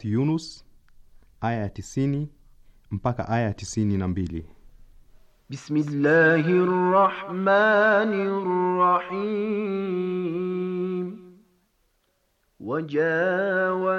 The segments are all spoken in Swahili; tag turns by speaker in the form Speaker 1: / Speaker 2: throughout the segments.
Speaker 1: Surat Yunus aya ya tisini mpaka aya ya tisini na mbili.
Speaker 2: Bismillahir Rahmanir Rahim. Wajawa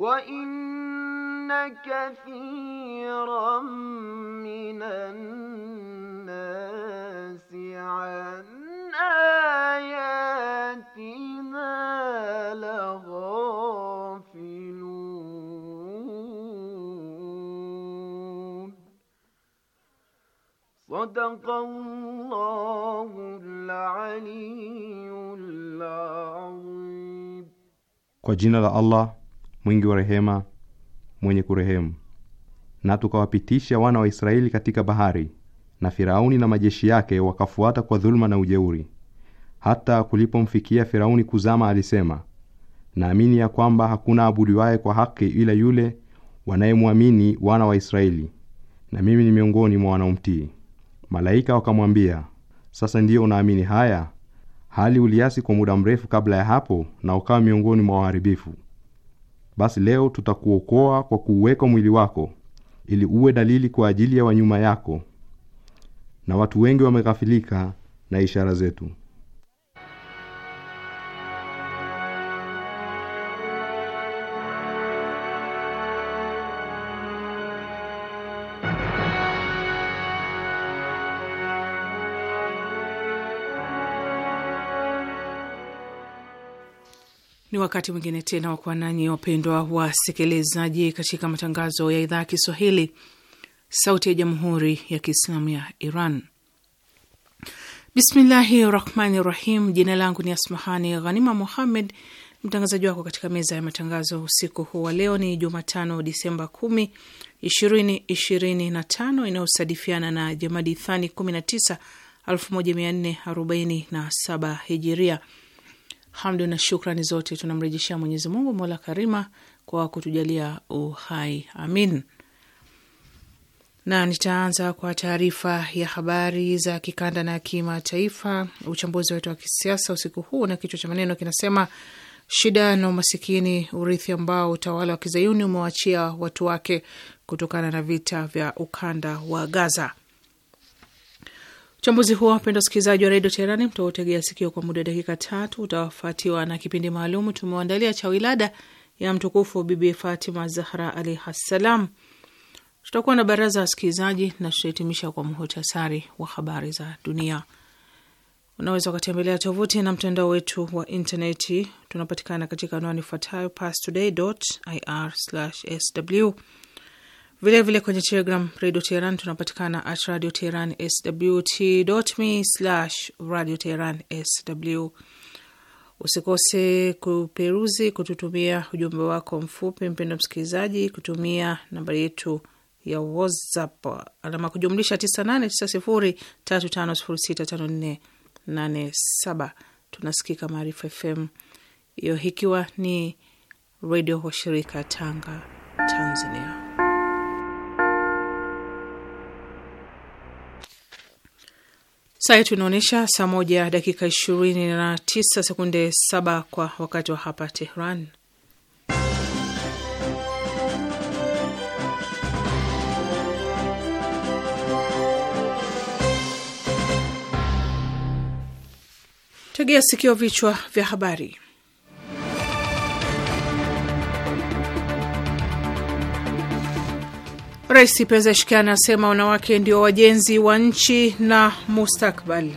Speaker 2: وإن كثيرا من الناس عن آياتنا لغافلون صدق الله العلي العظيم
Speaker 1: Kwa jina la Allah mwingi wa rehema, mwenye kurehemu. Na tukawapitisha wana wa Israeli katika bahari, na Firauni na majeshi yake wakafuata kwa dhuluma na ujeuri. Hata kulipomfikia Firauni kuzama, alisema, naamini ya kwamba hakuna abudiwaye kwa haki ila yule wanayemwamini wana wa Israeli, na mimi ni miongoni mwa wanaomtii. Malaika wakamwambia, sasa ndiyo unaamini haya, hali uliasi kwa muda mrefu kabla ya hapo, na ukawa miongoni mwa waharibifu basi leo tutakuokoa kwa kuuweka mwili wako ili uwe dalili kwa ajili ya wanyuma yako, na watu wengi wameghafilika na ishara zetu.
Speaker 3: wakati mwingine tena kuwa nanyi wapendwa wasikilizaji, katika matangazo ya idhaa ya Kiswahili, Sauti ya Jamhuri ya Kiislamu ya Iran. Bismillahi rahmani rahim. Jina langu ni Asmahani Ghanima Muhammed, mtangazaji wako katika meza ya matangazo usiku huu wa leo. Ni Jumatano, Disemba kumi ishirini ishirini na tano inayosadifiana na Jamadi Thani kumi na tisa moja mia nne arobaini na saba hijiria Hamdu na shukrani zote tunamrejeshea Mwenyezi Mungu mola karima kwa kutujalia uhai, amin. Na nitaanza kwa taarifa ya habari za kikanda na kimataifa. Uchambuzi wetu wa kisiasa usiku huu na kichwa cha maneno kinasema shida na umasikini, urithi ambao utawala wa kizayuni umewachia watu wake kutokana na vita vya ukanda wa Gaza. Uchambuzi huo, wapenda wasikilizaji wa redio Teherani, mtautegea sikio kwa muda dakika tatu, utafuatiwa na kipindi maalum tumewaandalia cha wilada ya mtukufu Bibi Fatima Zahra alaihi ssalam. Tutakuwa na baraza wasikilizaji na tutahitimisha kwa muhtasari wa habari za dunia. Unaweza ukatembelea tovuti na mtandao wetu wa intaneti. Tunapatikana katika anwani ifuatayo pastoday.ir/sw Vilevile vile kwenye Telegram Radio Teheran tunapatikana at Radio Teheran sw slash Radio Teheran sw. Usikose kuperuzi kututumia ujumbe wako mfupi, mpendo msikilizaji, kutumia nambari yetu ya WhatsApp alama kujumlisha 989035065487. Tunasikika Maarifa FM, hiyo ikiwa ni redio washirika Tanga, Tanzania. Saa yetu inaonyesha saa moja dakika ishirini na tisa sekunde saba kwa wakati wa hapa Tehran. Tegea sikio, vichwa vya habari. Rais Pezeshkian asema wanawake ndio wajenzi wa nchi na mustakbali.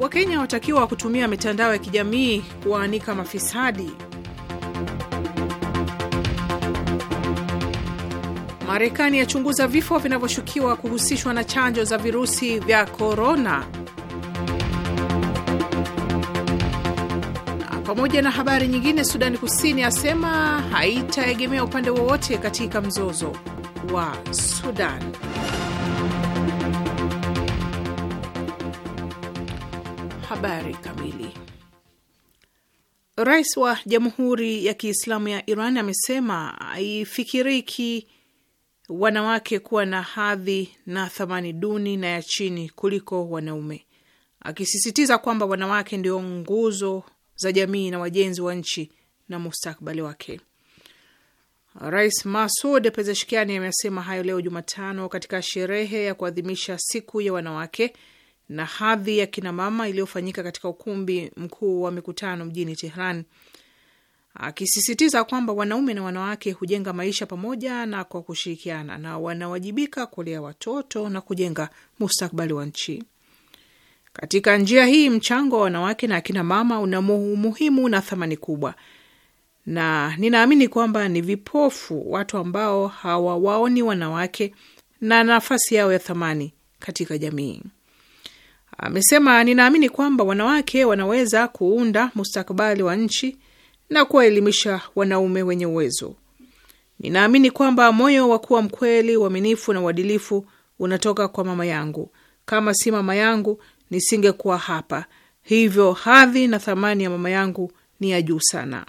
Speaker 3: Wakenya watakiwa kutumia mitandao ya kijamii kuwaanika mafisadi. Marekani yachunguza vifo vinavyoshukiwa kuhusishwa na chanjo za virusi vya korona. pamoja na habari nyingine, Sudani Kusini asema haitaegemea upande wowote katika mzozo wa Sudan. Habari kamili. Rais wa Jamhuri ya Kiislamu ya Iran amesema haifikiriki wanawake kuwa na hadhi na thamani duni na ya chini kuliko wanaume, akisisitiza kwamba wanawake ndio nguzo za jamii na wajenzi wa nchi na mustakbali wake. Rais Masud Pezeshkiani amesema hayo leo Jumatano katika sherehe ya kuadhimisha siku ya wanawake na hadhi ya kinamama iliyofanyika katika ukumbi mkuu wa mikutano mjini Tehran, akisisitiza kwamba wanaume na wanawake hujenga maisha pamoja na kwa kushirikiana na wanawajibika kulea watoto na kujenga mustakbali wa nchi. Katika njia hii mchango wa wanawake na akina mama una umuhimu na thamani kubwa, na ninaamini kwamba ni vipofu watu ambao hawawaoni wanawake na nafasi yao ya thamani katika jamii. Amesema, ninaamini kwamba wanawake wanaweza kuunda mustakabali wa nchi na kuwaelimisha wanaume wenye uwezo. Ninaamini kwamba moyo wa kuwa mkweli, uaminifu na uadilifu unatoka kwa mama yangu. Kama si mama yangu, nisingekuwa hapa, hivyo hadhi na thamani ya mama yangu ni ya juu sana.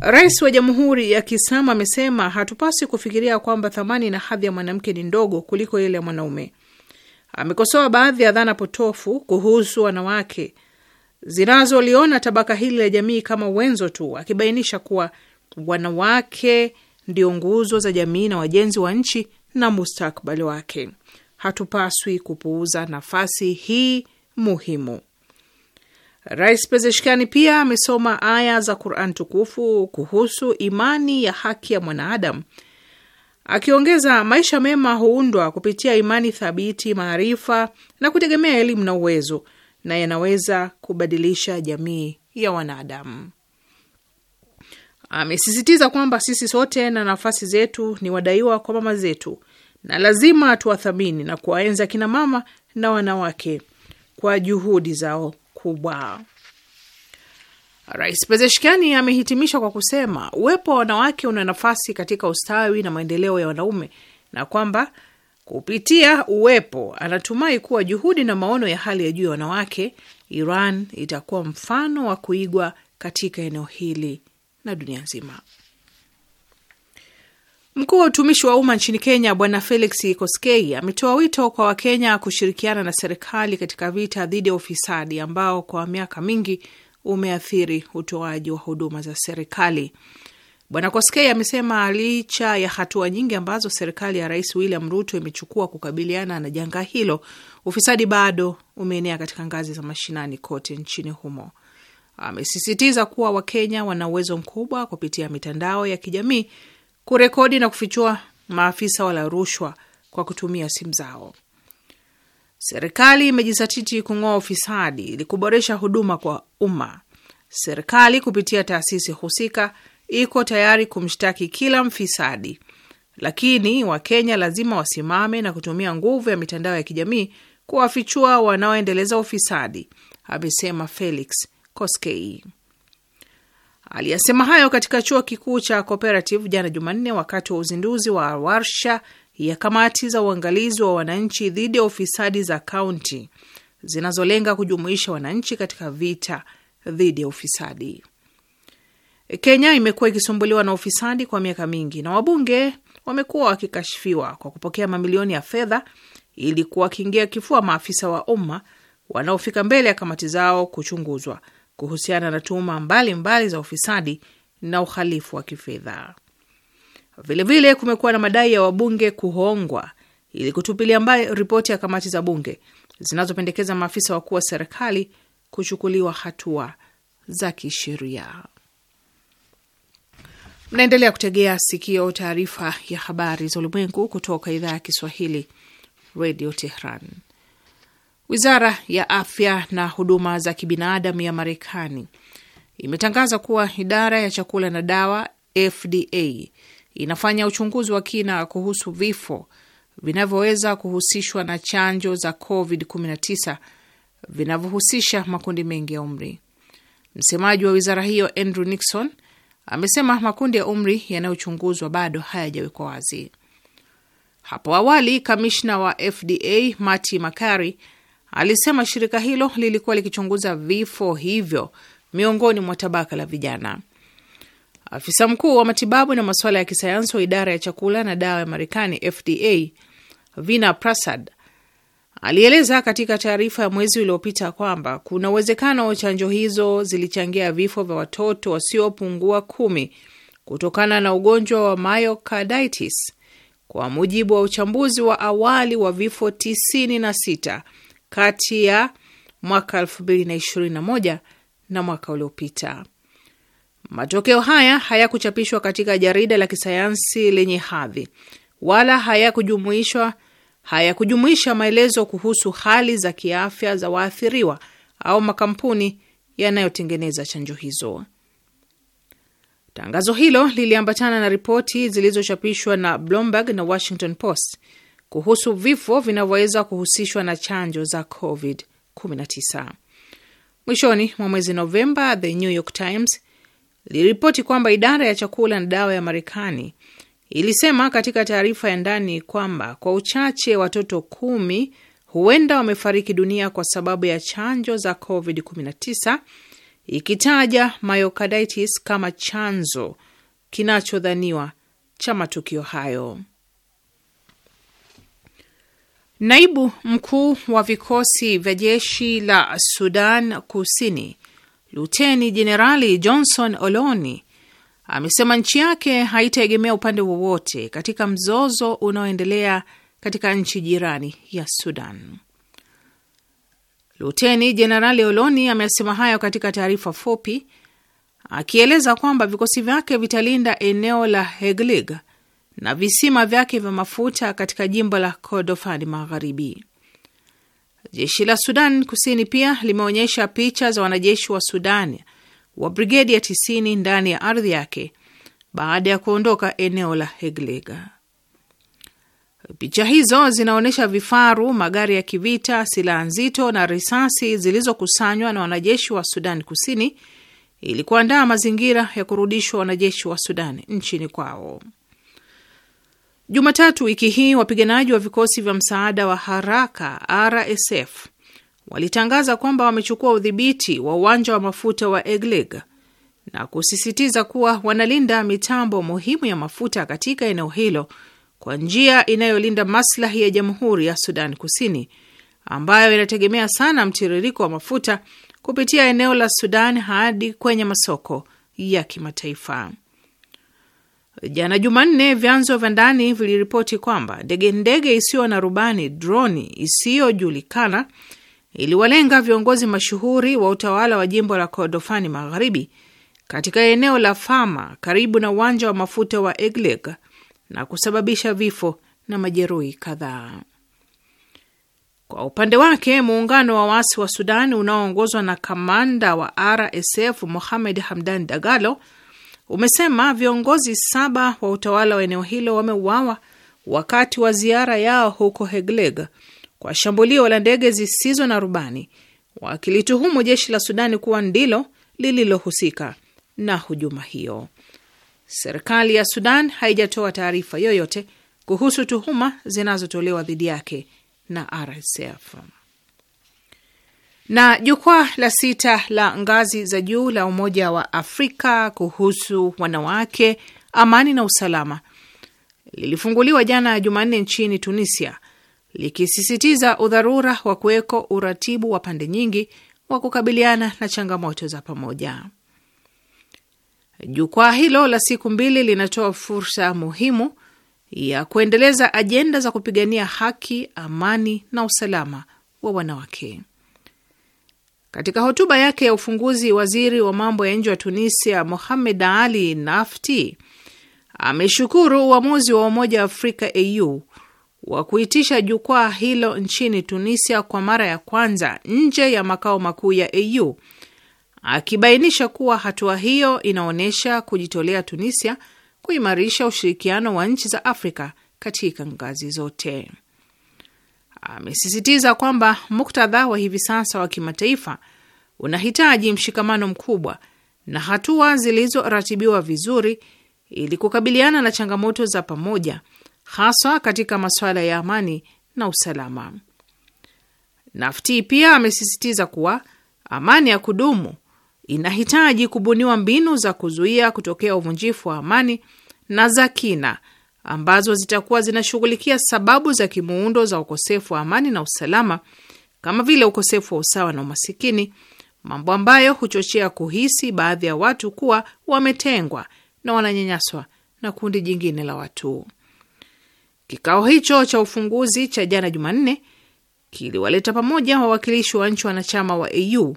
Speaker 3: Rais wa Jamhuri ya Kiislamu amesema hatupasi kufikiria kwamba thamani na hadhi ya mwanamke ni ndogo kuliko ile ya mwanaume. Amekosoa baadhi ya dhana potofu kuhusu wanawake zinazoliona tabaka hili la jamii kama wenzo tu, akibainisha kuwa wanawake ndio nguzo za jamii na wajenzi wa nchi na mustakbali wake hatupaswi kupuuza nafasi hii muhimu. Rais Pezeshkani pia amesoma aya za Quran tukufu kuhusu imani ya haki ya mwanaadam akiongeza, maisha mema huundwa kupitia imani thabiti, maarifa na kutegemea elimu na uwezo, na yanaweza kubadilisha jamii ya wanadamu. Amesisitiza kwamba sisi sote na nafasi zetu ni wadaiwa kwa mama zetu na lazima tuwathamini na kuwaenza kina mama na wanawake kwa juhudi zao kubwa. Rais Pezeshkiani amehitimisha kwa kusema uwepo wa wanawake una nafasi katika ustawi na maendeleo ya wanaume na kwamba kupitia uwepo anatumai kuwa juhudi na maono ya hali ya juu ya wanawake, Iran itakuwa mfano wa kuigwa katika eneo hili na dunia nzima. Mkuu wa utumishi wa umma nchini Kenya Bwana Felix Koskei ametoa wito kwa Wakenya kushirikiana na serikali katika vita dhidi ya ufisadi ambao kwa miaka mingi umeathiri utoaji wa huduma za serikali. Bwana Koskei amesema licha ya hatua nyingi ambazo serikali ya Rais William Ruto imechukua kukabiliana na janga hilo, ufisadi bado umeenea katika ngazi za mashinani kote nchini humo. Amesisitiza kuwa Wakenya wana uwezo mkubwa kupitia mitandao ya kijamii kurekodi na kufichua maafisa wala rushwa kwa kutumia simu zao. Serikali imejizatiti kung'oa ufisadi ili kuboresha huduma kwa umma. Serikali kupitia taasisi husika iko tayari kumshtaki kila mfisadi, lakini Wakenya lazima wasimame na kutumia nguvu ya mitandao ya kijamii kuwafichua wanaoendeleza ufisadi, amesema Felix Koskei. Aliyasema hayo katika chuo kikuu cha Cooperative jana Jumanne, wakati wa uzinduzi wa warsha ya kamati za uangalizi wa wananchi dhidi ya ufisadi za kaunti zinazolenga kujumuisha wananchi katika vita dhidi ya ufisadi. Kenya imekuwa ikisumbuliwa na ufisadi kwa miaka mingi na wabunge wamekuwa wakikashifiwa kwa kupokea mamilioni ya fedha ili kuwakingia kifua maafisa wa umma wanaofika mbele ya kamati zao kuchunguzwa kuhusiana na tuhuma mbalimbali za ufisadi na uhalifu wa kifedha. Vilevile kumekuwa na madai ya wabunge kuhongwa ili kutupilia mbali ripoti ya kamati za bunge zinazopendekeza maafisa wakuu wa serikali kuchukuliwa hatua za kisheria. Mnaendelea kutegea sikio taarifa ya habari za ulimwengu kutoka idhaa ya Kiswahili, Radio Tehran. Wizara ya afya na huduma za kibinadamu ya Marekani imetangaza kuwa idara ya chakula na dawa FDA inafanya uchunguzi wa kina kuhusu vifo vinavyoweza kuhusishwa na chanjo za COVID-19 vinavyohusisha makundi mengi ya umri. Msemaji wa wizara hiyo Andrew Nixon amesema makundi ya umri yanayochunguzwa bado hayajawekwa wazi. Hapo awali kamishna wa FDA Marty makari alisema shirika hilo lilikuwa likichunguza vifo hivyo miongoni mwa tabaka la vijana. Afisa mkuu wa matibabu na masuala ya kisayansi wa idara ya chakula na dawa ya Marekani, FDA, Vina Prasad alieleza katika taarifa ya mwezi uliopita kwamba kuna uwezekano chanjo hizo zilichangia vifo vya watoto wasiopungua kumi kutokana na ugonjwa wa myocarditis, kwa mujibu wa uchambuzi wa awali wa vifo 96 kati ya mwaka 2021 na mwaka uliopita. Matokeo haya hayakuchapishwa katika jarida la kisayansi lenye hadhi wala hayakujumuishwa hayakujumuisha maelezo kuhusu hali za kiafya za waathiriwa au makampuni yanayotengeneza chanjo hizo. Tangazo hilo liliambatana na ripoti zilizochapishwa na Bloomberg na Washington Post kuhusu vifo vinavyoweza kuhusishwa na chanjo za COVID-19. Mwishoni mwa mwezi Novemba, The New York Times liliripoti kwamba idara ya chakula na dawa ya Marekani ilisema katika taarifa ya ndani kwamba kwa uchache watoto kumi huenda wamefariki dunia kwa sababu ya chanjo za COVID-19, ikitaja myocarditis kama chanzo kinachodhaniwa cha matukio hayo. Naibu mkuu wa vikosi vya jeshi la Sudan Kusini, Luteni Jenerali Johnson Oloni amesema nchi yake haitaegemea upande wowote katika mzozo unaoendelea katika nchi jirani ya Sudan. Luteni Jenerali Oloni amesema hayo katika taarifa fupi akieleza kwamba vikosi vyake vitalinda eneo la Heglig na visima vyake vya mafuta katika jimbo la Kordofani Magharibi. Jeshi la Sudan Kusini pia limeonyesha picha za wanajeshi wa Sudan wa brigedi ya tisini ndani ya ardhi yake baada ya kuondoka eneo la Heglega. Picha hizo zinaonyesha vifaru, magari ya kivita, silaha nzito na risasi zilizokusanywa na wanajeshi wa Sudan Kusini ili kuandaa mazingira ya kurudishwa wanajeshi wa Sudan nchini kwao. Jumatatu wiki hii wapiganaji wa vikosi vya msaada wa haraka RSF walitangaza kwamba wamechukua udhibiti wa uwanja wa mafuta wa Eglig na kusisitiza kuwa wanalinda mitambo muhimu ya mafuta katika eneo hilo kwa njia inayolinda maslahi ya jamhuri ya Sudan Kusini ambayo inategemea sana mtiririko wa mafuta kupitia eneo la Sudan hadi kwenye masoko ya kimataifa. Jana Jumanne, vyanzo vya ndani viliripoti kwamba ndege ndege isiyo na rubani droni isiyojulikana iliwalenga viongozi mashuhuri wa utawala wa jimbo la Kordofani Magharibi katika eneo la Fama karibu na uwanja wa mafuta wa Egleg na kusababisha vifo na majeruhi kadhaa. Kwa upande wake, muungano wa waasi wa Sudani unaoongozwa na kamanda wa RSF Mohamed Hamdan Dagalo umesema viongozi saba wa utawala wa eneo hilo wameuawa wakati wa ziara yao huko Hegleg kwa shambulio la ndege zisizo na rubani, wakilituhumu jeshi la Sudani kuwa ndilo lililohusika na hujuma hiyo. Serikali ya Sudan haijatoa taarifa yoyote kuhusu tuhuma zinazotolewa dhidi yake na RSF. Na jukwaa la sita la ngazi za juu la Umoja wa Afrika kuhusu wanawake, amani na usalama lilifunguliwa jana Jumanne nchini Tunisia, likisisitiza udharura wa kuweko uratibu wa pande nyingi wa kukabiliana na changamoto za pamoja. Jukwaa hilo la siku mbili linatoa fursa muhimu ya kuendeleza ajenda za kupigania haki, amani na usalama wa wanawake. Katika hotuba yake ya ufunguzi, waziri wa mambo ya nje wa Tunisia Mohamed Ali Nafti ameshukuru uamuzi wa Umoja wa Afrika AU wa kuitisha jukwaa hilo nchini Tunisia kwa mara ya kwanza nje ya makao makuu ya AU, akibainisha kuwa hatua hiyo inaonyesha kujitolea Tunisia kuimarisha ushirikiano wa nchi za Afrika katika ngazi zote amesisitiza kwamba muktadha wa hivi sasa wa kimataifa unahitaji mshikamano mkubwa na hatua zilizoratibiwa vizuri ili kukabiliana na changamoto za pamoja, haswa katika masuala ya amani na usalama. Nafti pia amesisitiza kuwa amani ya kudumu inahitaji kubuniwa mbinu za kuzuia kutokea uvunjifu wa amani na za kina ambazo zitakuwa zinashughulikia sababu za kimuundo za ukosefu wa amani na usalama kama vile ukosefu wa usawa na umasikini, mambo ambayo huchochea kuhisi baadhi ya watu kuwa wametengwa na wananyanyaswa na kundi jingine la watu. Kikao hicho cha ufunguzi cha jana Jumanne kiliwaleta pamoja wawakilishi wa nchi wanachama wa AU,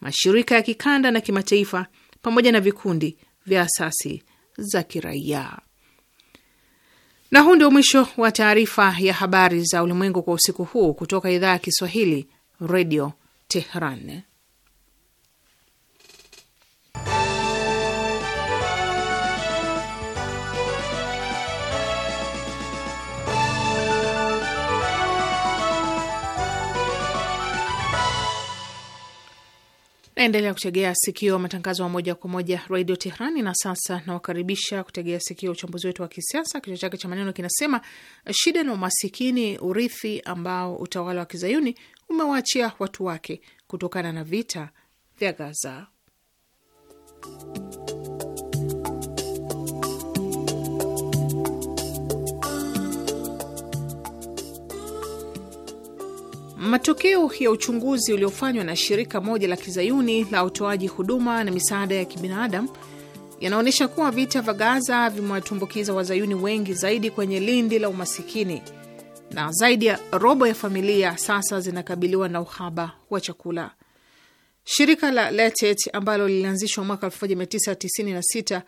Speaker 3: mashirika ya kikanda na kimataifa, pamoja na vikundi vya asasi za kiraia. Na huu ndio mwisho wa taarifa ya habari za ulimwengu kwa usiku huu kutoka idhaa ya Kiswahili, radio Tehran. Naendelea kutegea sikio matangazo ya moja kwa moja redio Tehrani. Na sasa nawakaribisha kutegea sikio uchambuzi wetu wa kisiasa. Kichwa chake cha maneno kinasema shida na umasikini, urithi ambao utawala wa kizayuni umewaachia watu wake kutokana na vita vya Gaza. Matokeo ya uchunguzi uliofanywa na shirika moja la kizayuni la utoaji huduma na misaada ya kibinadamu yanaonyesha kuwa vita vya Gaza vimewatumbukiza wazayuni wengi zaidi kwenye lindi la umasikini na zaidi ya robo ya familia sasa zinakabiliwa na uhaba wa chakula. Shirika la Lancet ambalo lilianzishwa mwaka 1996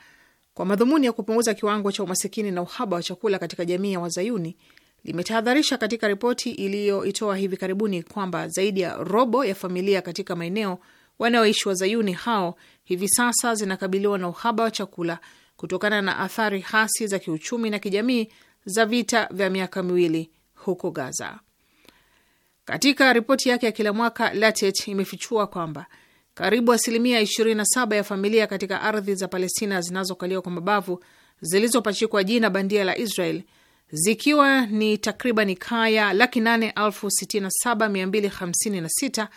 Speaker 3: kwa madhumuni ya kupunguza kiwango cha umasikini na uhaba wa chakula katika jamii ya wazayuni limetahadharisha katika ripoti iliyoitoa hivi karibuni kwamba zaidi ya robo ya familia katika maeneo wanaoishi wazayuni hao hivi sasa zinakabiliwa na uhaba wa chakula kutokana na athari hasi za kiuchumi na kijamii za vita vya miaka miwili huko Gaza. Katika ripoti yake ya kila mwaka Latet imefichua kwamba karibu asilimia 27 ya familia katika ardhi za Palestina zinazokaliwa kwa mabavu zilizopachikwa jina bandia la Israel zikiwa ni takriban kaya laki nane elfu sitini na saba mia mbili hamsini na sita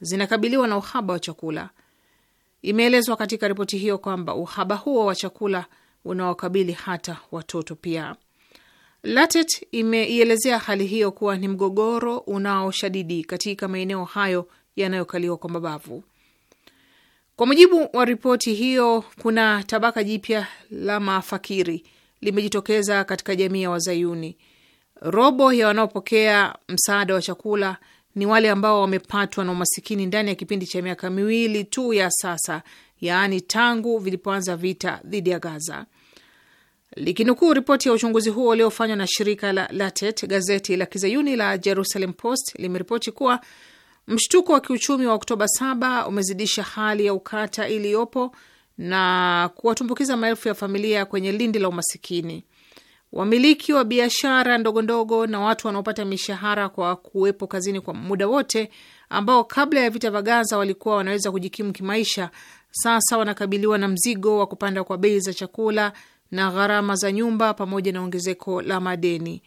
Speaker 3: zinakabiliwa na uhaba wa chakula. Imeelezwa katika ripoti hiyo kwamba uhaba huo wa chakula unawakabili hata watoto pia. LATET imeielezea hali hiyo kuwa ni mgogoro unaoshadidi katika maeneo hayo yanayokaliwa kwa mabavu. Kwa mujibu wa ripoti hiyo, kuna tabaka jipya la mafakiri limejitokeza katika jamii ya Wazayuni. Robo ya wanaopokea msaada wa chakula ni wale ambao wamepatwa na umasikini ndani ya kipindi cha miaka miwili tu ya sasa, yaani tangu vilipoanza vita dhidi ya Gaza. Likinukuu ripoti ya uchunguzi huo uliofanywa na shirika la Latet, gazeti la kizayuni la Jerusalem Post limeripoti kuwa mshtuko wa kiuchumi wa Oktoba 7 umezidisha hali ya ukata iliyopo na kuwatumbukiza maelfu ya familia kwenye lindi la umasikini. Wamiliki wa biashara ndogondogo na watu wanaopata mishahara kwa kuwepo kazini kwa muda wote, ambao kabla ya vita vya Gaza walikuwa wanaweza kujikimu kimaisha, sasa wanakabiliwa na mzigo wa kupanda kwa bei za chakula na gharama za nyumba pamoja na ongezeko la madeni.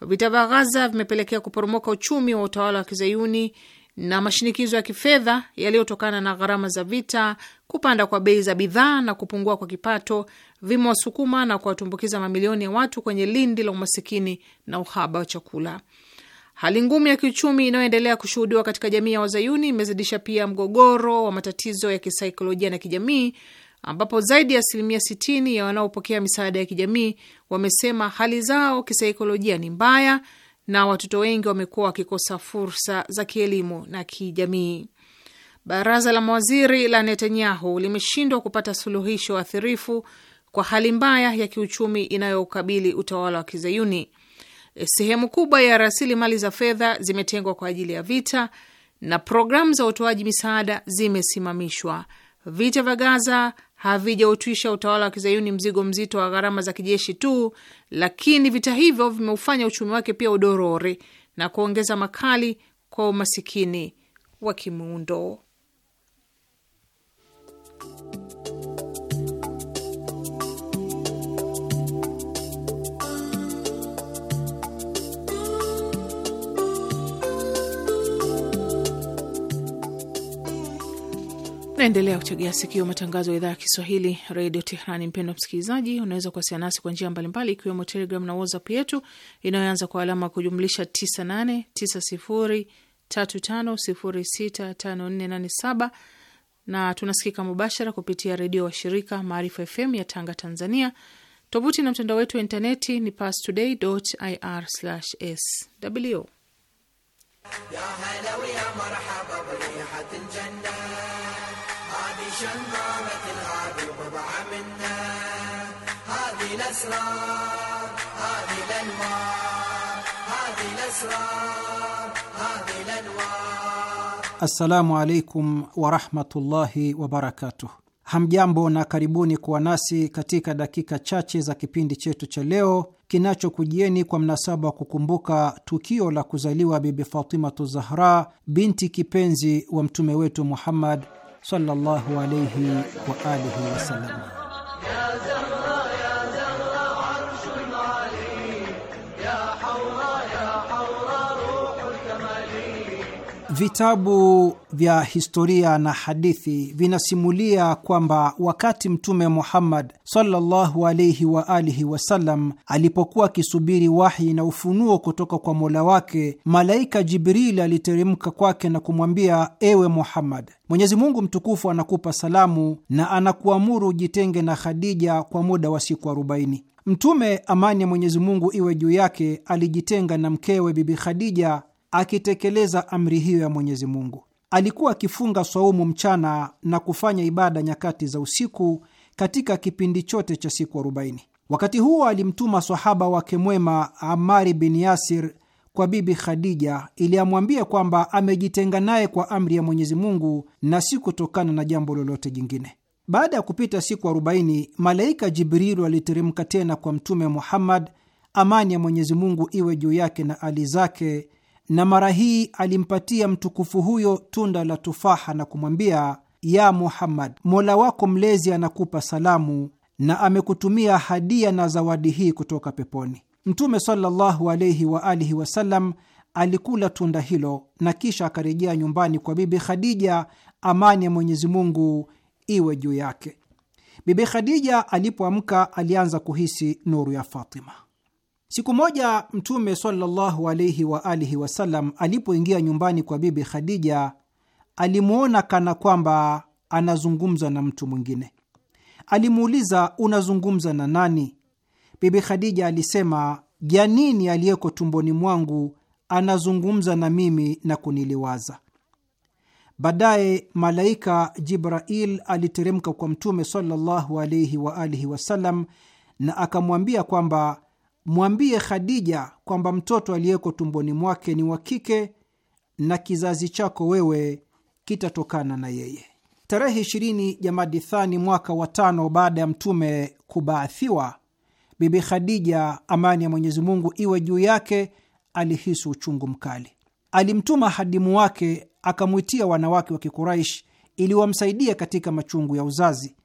Speaker 3: Vita vya Gaza vimepelekea kuporomoka uchumi wa utawala wa kizayuni na mashinikizo ya kifedha yaliyotokana na gharama za vita, kupanda kwa bei za bidhaa na kupungua kwa kipato vimewasukuma na kuwatumbukiza mamilioni ya watu kwenye lindi la umasikini na uhaba wa chakula. Hali ngumu ya kiuchumi inayoendelea kushuhudiwa katika jamii ya Wazayuni imezidisha pia mgogoro wa matatizo ya kisaikolojia na kijamii, ambapo zaidi ya asilimia 60 ya wanaopokea misaada ya kijamii wamesema hali zao kisaikolojia ni mbaya na watoto wengi wamekuwa wakikosa fursa za kielimu na kijamii. Baraza la mawaziri la Netanyahu limeshindwa kupata suluhisho athirifu kwa hali mbaya ya kiuchumi inayoukabili utawala wa Kizayuni. Sehemu kubwa ya rasilimali za fedha zimetengwa kwa ajili ya vita na programu za utoaji misaada zimesimamishwa. Vita vya Gaza havijautwisha utawala wa kizayuni mzigo mzito wa gharama za kijeshi tu, lakini vita hivyo vimeufanya uchumi wake pia udorore na kuongeza makali kwa umasikini wa kimuundo. Naendelea kutegea sikio matangazo ya idhaa ya Kiswahili redio Tehrani. Mpendwa msikilizaji, unaweza kuwasiliana nasi kwa njia mbalimbali, ikiwemo Telegram na WhatsApp yetu inayoanza kwa alama kujumlisha 989035065487 na tunasikika mubashara kupitia redio wa shirika Maarifa FM ya Tanga, Tanzania. Tovuti na mtandao wetu wa intaneti ni pastoday.ir/sw
Speaker 4: assalamu العدو warahmatullahi منا هذه الأسرار هذه الأنوار هذه الأسرار هذه الأنوار
Speaker 5: السلام عليكم ورحمة الله وبركاته Hamjambo na karibuni kuwa nasi katika dakika chache za kipindi chetu cha leo kinachokujieni kwa mnasaba wa kukumbuka tukio la kuzaliwa Bibi Fatimatu Zahra, binti kipenzi wa mtume wetu Muhammad صلى الله عليه وآله وسلم Vitabu vya historia na hadithi vinasimulia kwamba wakati Mtume Muhammad sallallahu alaihi wa alihi wasallam alipokuwa akisubiri wahi na ufunuo kutoka kwa mola wake, malaika Jibril aliteremka kwake na kumwambia, ewe Muhammad, Mwenyezi Mungu mtukufu anakupa salamu na anakuamuru ujitenge na Khadija kwa muda wa siku arobaini. Mtume, amani ya Mwenyezi Mungu iwe juu yake, alijitenga na mkewe Bibi Khadija akitekeleza amri hiyo ya Mwenyezi Mungu. Alikuwa akifunga swaumu mchana na kufanya ibada nyakati za usiku katika kipindi chote cha siku arobaini. Wakati huo alimtuma sahaba wake mwema Amari bin Yasir kwa Bibi Khadija ili amwambie kwamba amejitenga naye kwa amri ya Mwenyezi Mungu na si kutokana na jambo lolote jingine. Baada ya kupita siku arobaini, malaika Jibrilu aliteremka tena kwa Mtume Muhammad, amani ya Mwenyezi Mungu iwe juu yake na ali zake na mara hii alimpatia mtukufu huyo tunda la tufaha na kumwambia, ya Muhammad, mola wako mlezi anakupa salamu na amekutumia hadia na zawadi hii kutoka peponi. Mtume sallallahu alayhi wa alihi wasallam alikula tunda hilo na kisha akarejea nyumbani kwa Bibi Khadija, amani ya Mwenyezi Mungu iwe juu yake. Bibi Khadija alipoamka alianza kuhisi nuru ya Fatima. Siku moja Mtume sallallahu alaihi wa alihi wasallam alipoingia nyumbani kwa Bibi Khadija alimwona kana kwamba anazungumza na mtu mwingine. Alimuuliza, unazungumza na nani? Bibi Khadija alisema, janini aliyeko tumboni mwangu anazungumza na mimi na kuniliwaza. Baadaye malaika Jibrail aliteremka kwa Mtume sallallahu alaihi wa alihi wasallam na akamwambia kwamba mwambie Khadija kwamba mtoto aliyeko tumboni mwake ni wa kike na kizazi chako wewe kitatokana na yeye. Tarehe 20 Jamadi Thani, mwaka wa tano baada ya Mtume kubaathiwa, Bibi Khadija, amani ya Mwenyezi Mungu iwe juu yake, alihisi uchungu mkali. Alimtuma hadimu wake akamwitia wanawake wa Kikuraishi ili wamsaidie katika machungu ya uzazi.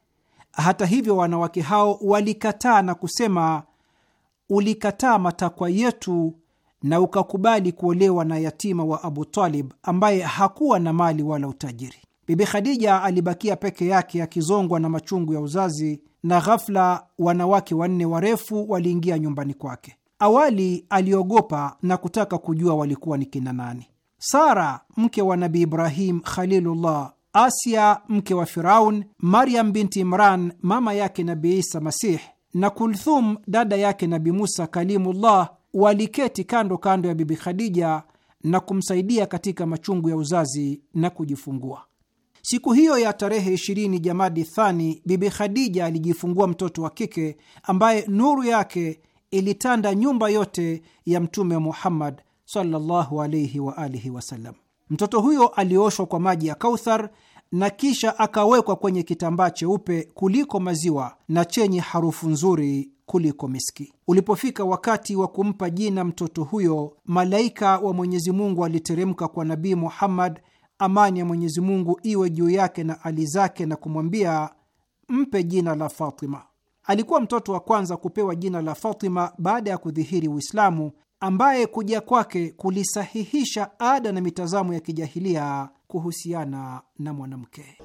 Speaker 5: Hata hivyo, wanawake hao walikataa na kusema ulikataa matakwa yetu na ukakubali kuolewa na yatima wa Abu Talib ambaye hakuwa na mali wala utajiri. Bibi Khadija alibakia peke yake akizongwa na machungu ya uzazi, na ghafla wanawake wanne warefu waliingia nyumbani kwake. Awali aliogopa na kutaka kujua walikuwa ni kina nani: Sara mke wa Nabi Ibrahim Khalilullah, Asia mke wa Firaun, Maryam binti Imran mama yake Nabi Isa Masihi, na Kulthum dada yake Nabi Musa Kalimullah waliketi kando kando ya Bibi Khadija na kumsaidia katika machungu ya uzazi na kujifungua. Siku hiyo ya tarehe 20 Jamadi Thani, Bibi Khadija alijifungua mtoto wa kike ambaye nuru yake ilitanda nyumba yote ya Mtume Muhammad sallallahu wa alihi wasallam. Mtoto huyo alioshwa kwa maji ya Kauthar na kisha akawekwa kwenye kitambaa cheupe kuliko maziwa na chenye harufu nzuri kuliko miski. Ulipofika wakati wa kumpa jina mtoto huyo, malaika wa Mwenyezi Mungu aliteremka kwa Nabii Muhammad, amani ya Mwenyezi Mungu iwe juu yake na ali zake, na kumwambia mpe jina la Fatima. Alikuwa mtoto wa kwanza kupewa jina la Fatima baada ya kudhihiri Uislamu, ambaye kuja kwake kulisahihisha ada na mitazamo ya kijahilia kuhusiana na mwanamke.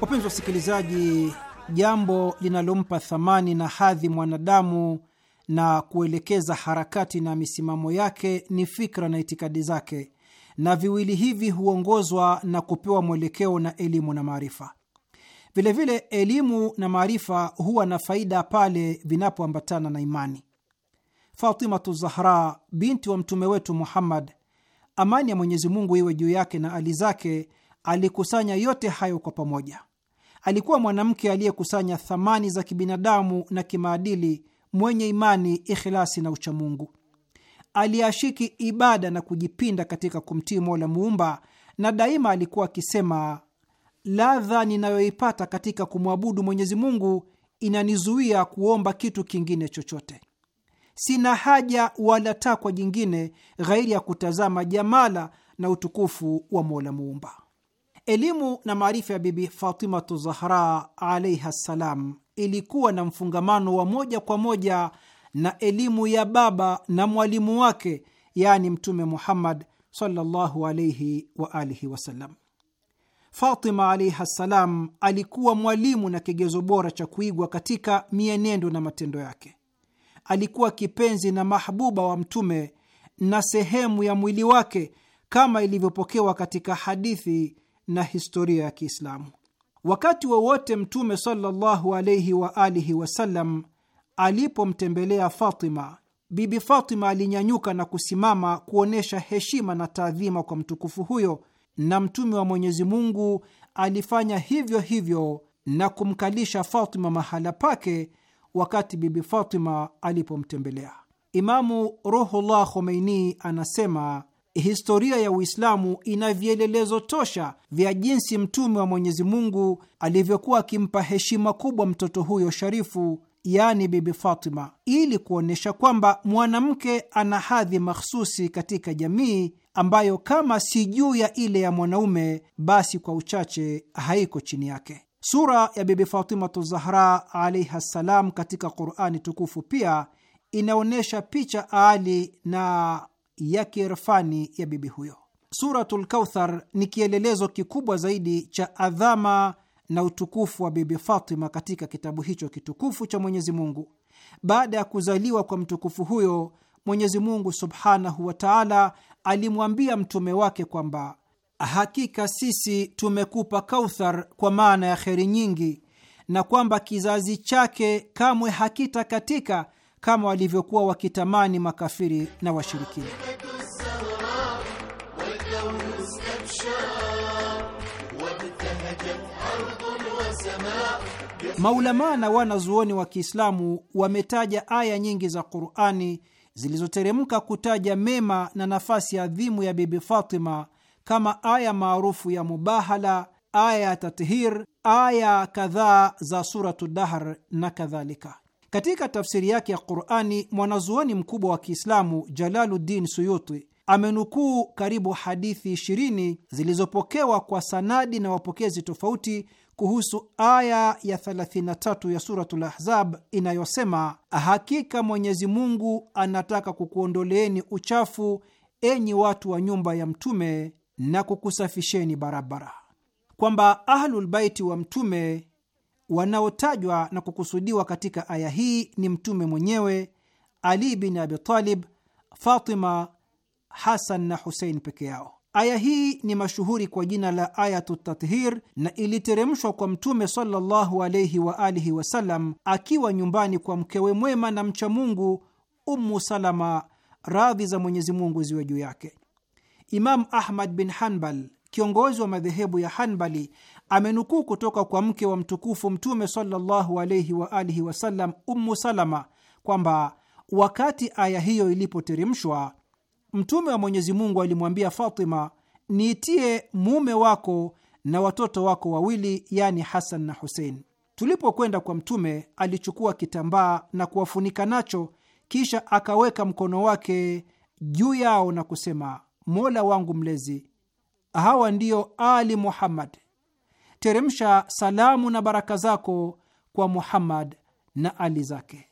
Speaker 5: Wapenzi wasikilizaji, jambo linalompa thamani na hadhi mwanadamu na kuelekeza harakati na misimamo yake ni fikra na itikadi zake na viwili hivi huongozwa na kupewa mwelekeo na elimu na maarifa. Vilevile, elimu na maarifa huwa na faida pale vinapoambatana na imani. Fatimatu Zahra binti wa mtume wetu Muhammad, amani ya Mwenyezi Mungu iwe juu yake na ali zake, alikusanya yote hayo kwa pamoja. Alikuwa mwanamke aliyekusanya thamani za kibinadamu na kimaadili, mwenye imani, ikhilasi na uchamungu aliashiki ibada na kujipinda katika kumtii Mola Muumba, na daima alikuwa akisema, ladha ninayoipata katika kumwabudu Mwenyezi Mungu inanizuia kuomba kitu kingine chochote. Sina haja wala takwa jingine ghairi ya kutazama jamala na utukufu wa Mola Muumba. Elimu na maarifa ya Bibi Fatimatu Zahra alaiha ssalam ilikuwa na mfungamano wa moja kwa moja na elimu ya baba na mwalimu wake, yani Mtume Muhammad sallallahu alaihi wa alihi wasallam. Fatima alaihi ssalam alikuwa mwalimu na kigezo bora cha kuigwa katika mienendo na matendo yake. Alikuwa kipenzi na mahbuba wa Mtume na sehemu ya mwili wake kama ilivyopokewa katika hadithi na historia ya Kiislamu. Wakati wowote wa Mtume sallallahu alaihi wa alihi wasallam alipomtembelea Fatima, Bibi Fatima alinyanyuka na kusimama kuonyesha heshima na taadhima kwa mtukufu huyo, na Mtume wa Mwenyezi Mungu alifanya hivyo hivyo na kumkalisha Fatima mahala pake wakati Bibi Fatima alipomtembelea. Imamu Ruhullah Khomeini anasema historia ya Uislamu ina vielelezo tosha vya jinsi Mtume wa Mwenyezi Mungu alivyokuwa akimpa heshima kubwa mtoto huyo sharifu yani Bibi Fatima, ili kuonyesha kwamba mwanamke ana hadhi mahsusi katika jamii ambayo kama si juu ya ile ya mwanaume, basi kwa uchache haiko chini yake. Sura ya Bibi Fatimatu Zahra alaiha ssalam katika Qurani tukufu pia inaonyesha picha aali na ya kierfani ya bibi huyo. Suratul Kauthar ni kielelezo kikubwa zaidi cha adhama na utukufu wa Bibi Fatima katika kitabu hicho kitukufu cha Mwenyezi Mungu. Baada ya kuzaliwa kwa mtukufu huyo, Mwenyezi Mungu subhanahu wa taala alimwambia mtume wake kwamba hakika sisi tumekupa Kauthar kwa maana ya kheri nyingi, na kwamba kizazi chake kamwe hakitakatika kama walivyokuwa wakitamani makafiri na washirikina. Maulamaa na wanazuoni wa Kiislamu wametaja aya nyingi za Qurani zilizoteremka kutaja mema na nafasi adhimu ya Bibi Fatima kama aya maarufu ya Mubahala, aya ya Tathir, aya kadhaa za Suratu Dahr na kadhalika. Katika tafsiri yake ya Qurani, mwanazuoni mkubwa wa Kiislamu jalaludin Suyuti amenukuu karibu hadithi 20 zilizopokewa kwa sanadi na wapokezi tofauti kuhusu aya ya 33 ya Suratul Ahzab inayosema, hakika Mwenyezi Mungu anataka kukuondoleeni uchafu, enyi watu wa nyumba ya Mtume, na kukusafisheni barabara, kwamba Ahlulbaiti wa Mtume wanaotajwa na kukusudiwa katika aya hii ni Mtume mwenyewe, Ali bin Abi Talib, Fatima Hasan na Husein peke yao. Aya hii ni mashuhuri kwa jina la ayatu tathir na iliteremshwa kwa Mtume sallallahu alaihi wa alihi wasallam akiwa nyumbani kwa mkewe mwema na mcha Mungu Ummu Salama, radhi za Mwenyezi Mungu ziwe juu yake. Imam Ahmad bin Hanbal, kiongozi wa madhehebu ya Hanbali, amenukuu kutoka kwa mke wa mtukufu Mtume sallallahu alaihi wa alihi wasallam Ummu Salama kwamba wakati aya hiyo ilipoteremshwa Mtume wa Mwenyezi Mungu alimwambia Fatima, niitie mume wako na watoto wako wawili, yani Hasan na Husein. Tulipokwenda kwa Mtume alichukua kitambaa na kuwafunika nacho, kisha akaweka mkono wake juu yao na kusema, Mola wangu Mlezi, hawa ndio Ali Muhammad, teremsha salamu na baraka zako kwa Muhammad na Ali zake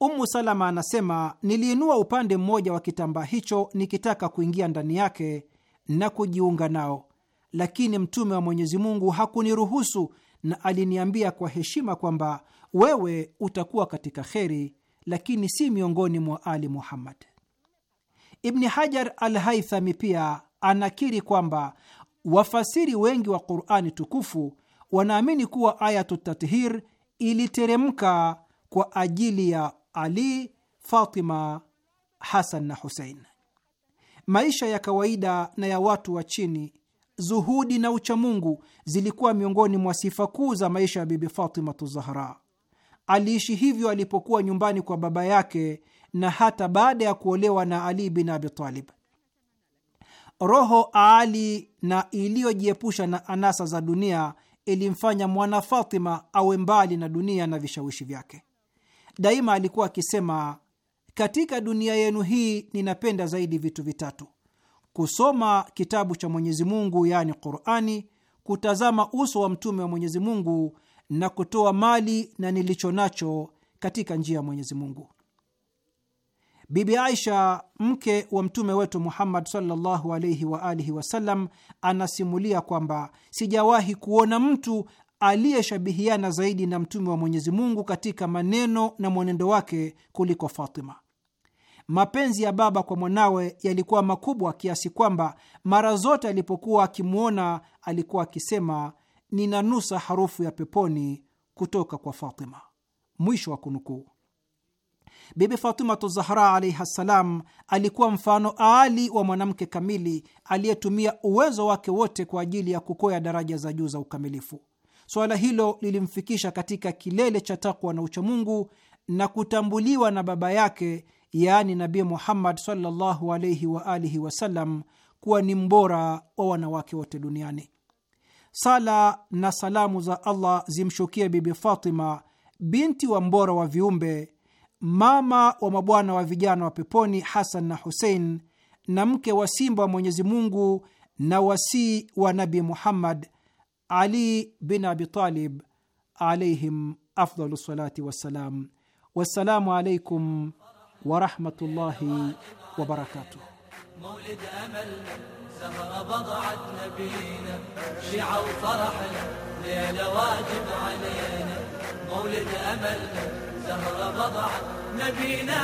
Speaker 5: umu Salama anasema niliinua upande mmoja wa kitambaa hicho nikitaka kuingia ndani yake na kujiunga nao, lakini Mtume wa Mwenyezi Mungu hakuniruhusu na aliniambia kwa heshima kwamba wewe utakuwa katika kheri, lakini si miongoni mwa Ali Muhammad. Ibni Hajar al Haithami pia anakiri kwamba wafasiri wengi wa Qurani tukufu wanaamini kuwa Ayatu Tathir iliteremka kwa ajili ya ali, Fatima, Hasan na Husein. Maisha ya kawaida na ya watu wa chini, zuhudi na uchamungu zilikuwa miongoni mwa sifa kuu za maisha ya Bibi Fatimatu Zahra. Aliishi hivyo alipokuwa nyumbani kwa baba yake na hata baada ya kuolewa na Ali bin Abi Talib. Roho aali na iliyojiepusha na anasa za dunia ilimfanya mwana Fatima awe mbali na dunia na vishawishi vyake daima alikuwa akisema, katika dunia yenu hii ninapenda zaidi vitu vitatu: kusoma kitabu cha Mwenyezi Mungu, yaani Qurani, kutazama uso wa mtume wa Mwenyezi Mungu na kutoa mali na nilicho nacho katika njia ya Mwenyezi Mungu. Bibi Aisha, mke wa mtume wetu Muhammad sallallahu alaihi wa alihi wasallam, anasimulia kwamba sijawahi kuona mtu aliyeshabihiana zaidi na mtume wa Mwenyezi Mungu katika maneno na mwenendo wake kuliko Fatima. Mapenzi ya baba kwa mwanawe yalikuwa makubwa kiasi kwamba mara zote alipokuwa akimwona alikuwa akisema, ninanusa harufu ya peponi kutoka kwa Fatima. Mwisho wa kunukuu. Bibi Fatimatu Zahra alaihi ssalam alikuwa mfano aali wa mwanamke kamili aliyetumia uwezo wake wote kwa ajili ya kukoya daraja za juu za ukamilifu. Suala hilo lilimfikisha katika kilele cha takwa na uchamungu na kutambuliwa na baba yake, yaani Nabii Muhammad sallallahu alaihi wa alihi wasallam kuwa ni mbora wa wanawake wote duniani. Sala na salamu za Allah zimshukie Bibi Fatima, binti wa mbora wa viumbe, mama wa mabwana wa vijana wa peponi Hasan na Husein, na mke wa simba wa Mwenyezi Mungu na wasii wa Nabi Muhammad علي بن أبي طالب عليهم أفضل الصلاة والسلام والسلام عليكم ورحمة الله وبركاته
Speaker 4: مولد أمل زهرة بضعت نبينا شعة وفرحنا ليلة واجب علينا مولد أمل زهرة بضعت نبينا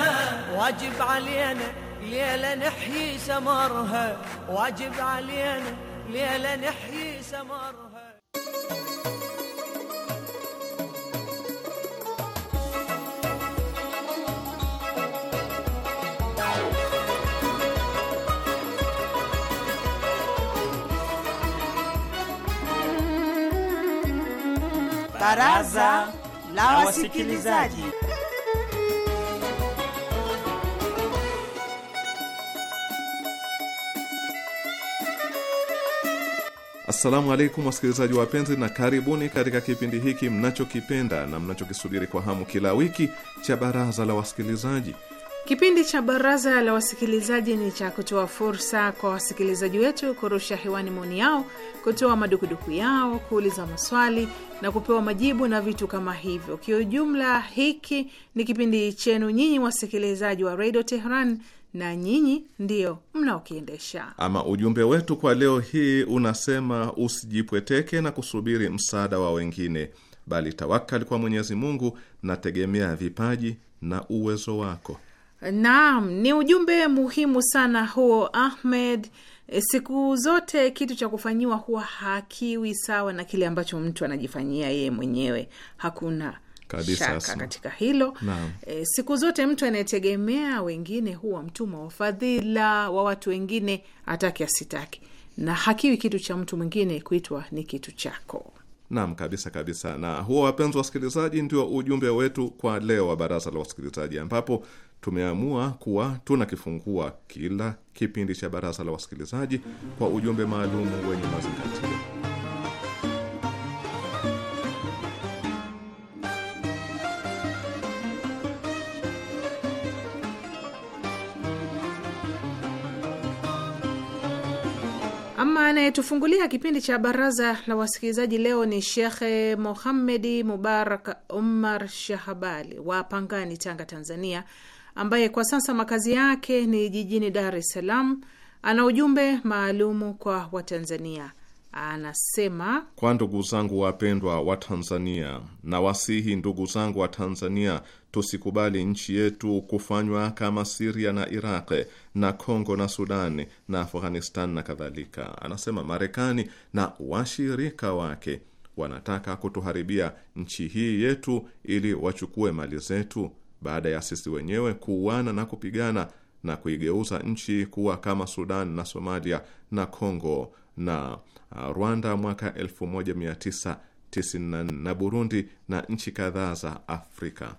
Speaker 4: واجب علينا ليلة نحيي سمرها واجب علينا ليلة نحيي سمرها
Speaker 5: Baraza la Wasikilizaji.
Speaker 6: Assalamu alaikum wasikilizaji wapenzi, na karibuni katika kipindi hiki mnachokipenda na mnachokisubiri kwa hamu kila wiki cha Baraza la Wasikilizaji.
Speaker 3: Kipindi cha baraza la wasikilizaji ni cha kutoa fursa kwa wasikilizaji wetu kurusha hewani maoni yao, kutoa madukuduku yao, kuuliza maswali na kupewa majibu na vitu kama hivyo. Kiujumla, hiki ni kipindi chenu nyinyi wasikilizaji wa redio Tehran na nyinyi ndio mnaokiendesha.
Speaker 6: Ama ujumbe wetu kwa leo hii unasema, usijipweteke na kusubiri msaada wa wengine, bali tawakali kwa Mwenyezi Mungu na tegemea vipaji na uwezo wako.
Speaker 3: Naam, ni ujumbe muhimu sana huo Ahmed. Eh, siku zote kitu cha kufanyiwa huwa hakiwi sawa na kile ambacho mtu anajifanyia yeye mwenyewe. Hakuna kabisa shaka katika hilo. E, siku zote mtu anayetegemea wengine huwa mtumwa wa fadhila wa watu wengine, atake asitake, na hakiwi kitu cha mtu mwingine kuitwa ni kitu chako.
Speaker 6: Naam, kabisa kabisa. Na huo, wapenzi wasikilizaji, ndio ujumbe wetu kwa leo wa baraza la wasikilizaji, ambapo tumeamua kuwa tunakifungua kila kipindi cha Baraza la Wasikilizaji kwa ujumbe maalum wenye mazingatio.
Speaker 3: Anayetufungulia kipindi cha baraza la wasikilizaji leo ni Shekhe muhamedi Mubarak Umar Shahabali wa Pangani, Tanga, Tanzania, ambaye kwa sasa makazi yake ni jijini Dar es Salaam, ana ujumbe maalumu kwa Watanzania. Anasema,
Speaker 6: kwa ndugu zangu wapendwa wa Tanzania, na wasihi ndugu zangu wa Tanzania, tusikubali nchi yetu kufanywa kama Siria na Iraq na Kongo na Sudani na Afghanistan na kadhalika. Anasema Marekani na washirika wake wanataka kutuharibia nchi hii yetu ili wachukue mali zetu baada ya sisi wenyewe kuuana na kupigana na kuigeuza nchi kuwa kama Sudan na Somalia na Kongo na uh, Rwanda mwaka 1994 na Burundi na nchi kadhaa za Afrika.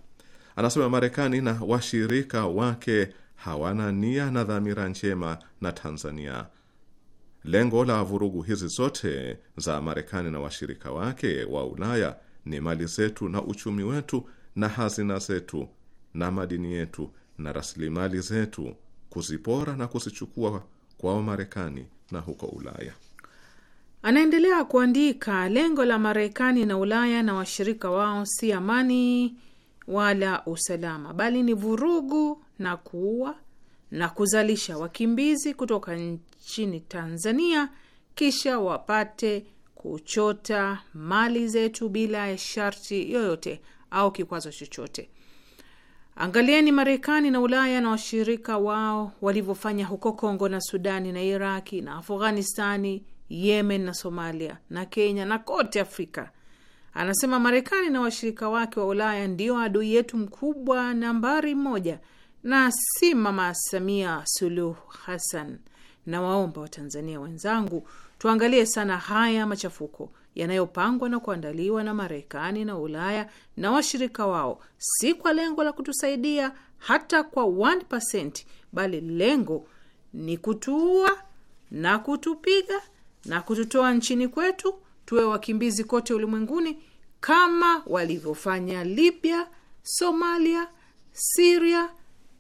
Speaker 6: Anasema Marekani na washirika wake hawana nia na dhamira njema na Tanzania. Lengo la vurugu hizi zote za Marekani na washirika wake wa Ulaya ni mali zetu na uchumi wetu na hazina zetu na madini yetu na rasilimali zetu kuzipora na kuzichukua kwa marekani na huko Ulaya.
Speaker 3: Anaendelea kuandika, lengo la Marekani na Ulaya na washirika wao si amani wala usalama, bali ni vurugu na kuua na kuzalisha wakimbizi kutoka nchini Tanzania, kisha wapate kuchota mali zetu bila ya sharti yoyote au kikwazo chochote. Angalieni Marekani na Ulaya na washirika wao walivyofanya huko Kongo na Sudani na Iraki na Afghanistani, Yemen na Somalia na Kenya na kote Afrika. Anasema Marekani na washirika wake wa Ulaya ndio adui yetu mkubwa nambari moja na si Mama Samia Suluhu Hassan. nawaomba Watanzania wenzangu tuangalie sana haya machafuko yanayopangwa na kuandaliwa na Marekani na Ulaya na washirika wao, si kwa lengo la kutusaidia hata kwa 1%, bali lengo ni kutuua na kutupiga na kututoa nchini kwetu tuwe wakimbizi kote ulimwenguni kama walivyofanya Libya, Somalia, Siria